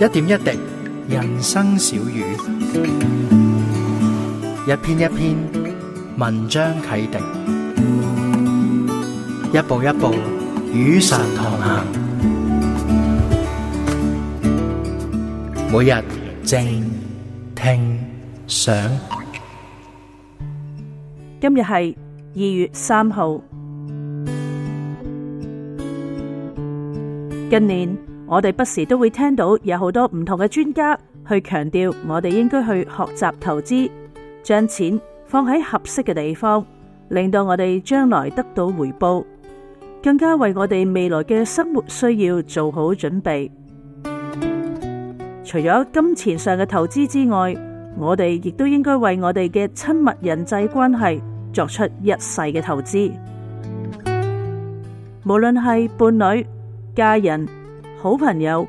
一點一滴，人生小語；一篇一篇，文章啟迪；一步一步，與神同行。每日靜聽想，今日係二月三號，今年。我哋不時都會聽到有好多唔同嘅專家去強調，我哋應該去學習投資，將錢放喺合適嘅地方，令到我哋將來得到回報，更加為我哋未來嘅生活需要做好準備。除咗金錢上嘅投資之外，我哋亦都應該為我哋嘅親密人際關係作出一世嘅投資，無論係伴侶、家人。好朋友，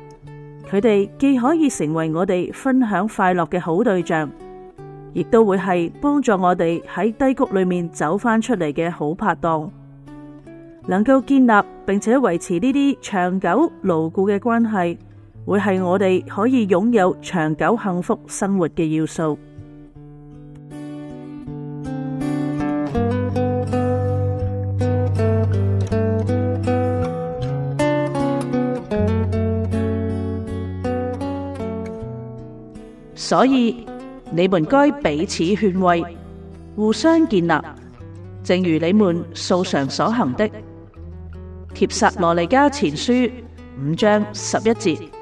佢哋既可以成為我哋分享快樂嘅好對象，亦都會係幫助我哋喺低谷裏面走翻出嚟嘅好拍檔。能夠建立並且維持呢啲長久牢固嘅關係，會係我哋可以擁有長久幸福生活嘅要素。所以，你們該彼此勸慰，互相建立，正如你們素常所行的。帖撒羅尼迦前書五章十一節。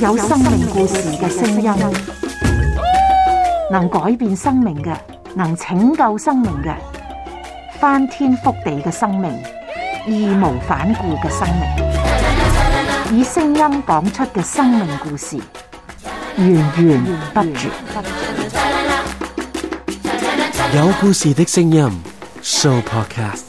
有生命故事嘅聲音，能改變生命嘅，能拯救生命嘅，翻天覆地嘅生命，義無反顧嘅生命，以聲音講出嘅生命故事，源源不絕。有故事嘅聲音，Sooo Podcast。